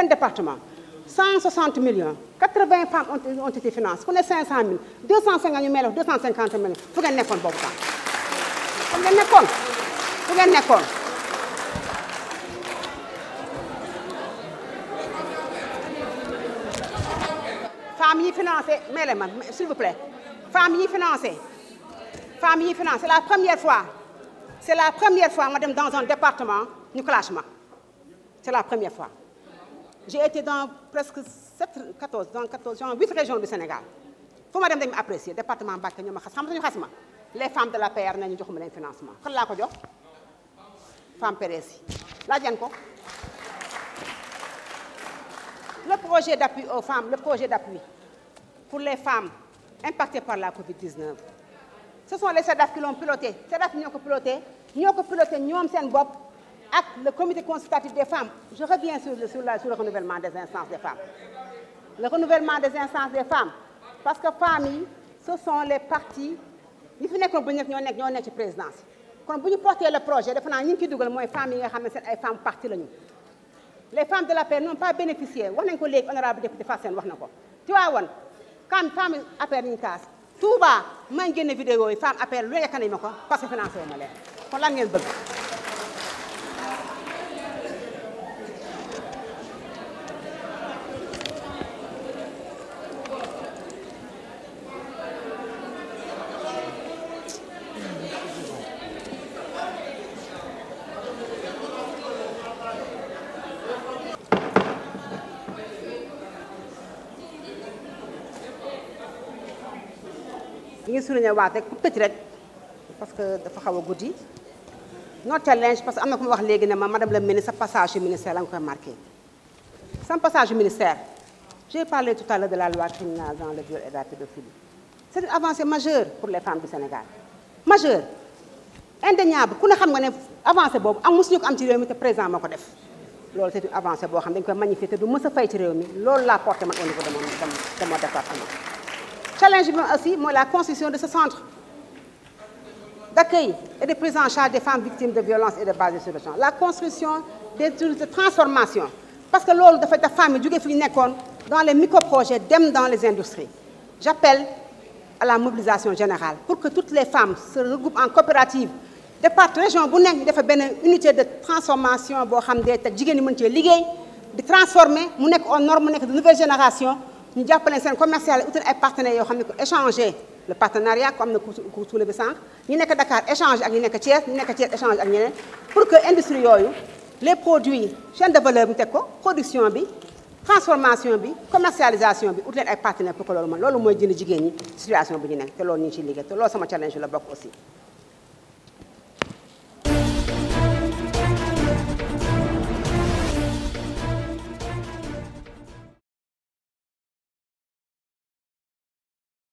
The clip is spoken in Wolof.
benn département 160 millions 80 femmes ont été financées ku ne 500000 250 ñu mel 250 mille fu ngeen nekkoon boobu temps fu ngeen nekkoon fu ngeen nekkoon. femmes yi financé may la man s'il vous plaît femmes yi financé femmes yi financé la première fois c'est la première fois nga dem dans un département ñu classement c'est la première fois. j'ai été dans presque 7 14 dans 14 genre 8 régions du Sénégal fu ma dem dañu ma apprécier département Mbacké ñoo ma xas xam nga ñu xas ma les femmes de la PR nañu joxuma leen financement kan laa ko jox femme PDS yi laaj leen ko le projet d'appui aux femmes le projet d'appui pour les femmes impactées par la Covid-19 ce sont les SEDAF qui piloté SEDAF ñoo ko piloté ñoo ko piloté ñoom seen bopp ak le comité consultatif des femmes je reviens sur le sur, la, sur le renouvellement des instances des femmes le renouvellement des instances des femmes parce que femmes ce sont les partis yi fi nekkoon bu nekk ñoo nekk ñoo nekk ci présidence kon bu ñu porté le projet defe naa ñi ngi ci dugal mooy femmes yi nga xam ne ay femmes parti lañu les femmes de la paix n'ont pas bénéficié wax nañ ko honorable député Fass Sène wax na ko Tivaouane quand femme affaire ñu kaas Touba maa ngi ko parce que ñu ngi souligné waat rek pour rek parce que dafa xaw a guddi no challenge parce que am na ku ma wax léegi ne ma madame la ministre sa passage yu ministère la nga koy marqué sa passage yu ministère j'ai parlé tout à l'heure de la loi criminalisant le viol et la pédophilie c'est une avancée pour les femmes du Sénégal majeure indéniable ku ne xam nga ne avancé boobu am mosuñu ko am ci réew mi te président moo ko def loolu c'est une avancée boo xam dañ koy magnifier du mës a fay ci réew mi loolu laa porté man au niveau challenge bi moom aussi la constitution de ce centre d'accueil et de prise en charge des femmes victimes de violences et de basées sur le la construction des unités parce que loolu dafay tax femmes yi jógee fi ñu nekkoon dans les microprojets dem dans les industries j'appelle à la mobilisation générale pour que toutes les femmes se regroupent en coopérative départ région bu nekk ñu defee benn unité de transformation boo xam ne te jigéen ñi mën cee liggéey di transformer mu nekk mu nekk de nouvelle génération ñu jàppale seen commercial utal ay partenaire yoo xam ne ko échangé le partenariat comme am na ku soulevé sànq ñu nekk Dakar échanger ak ñu nekk Thiès ñu nekk Thiès échanger ak ñeneen pour que industrie yooyu les produits chaîne de ko production bi transformation bi commercialisation bi ut leen ay partenaires pour que loolu mën loolu mooy jënd jigéen ñi situation bi ñu nekk te loolu ñu ngi liggéey te loolu sama challenge la bokk aussi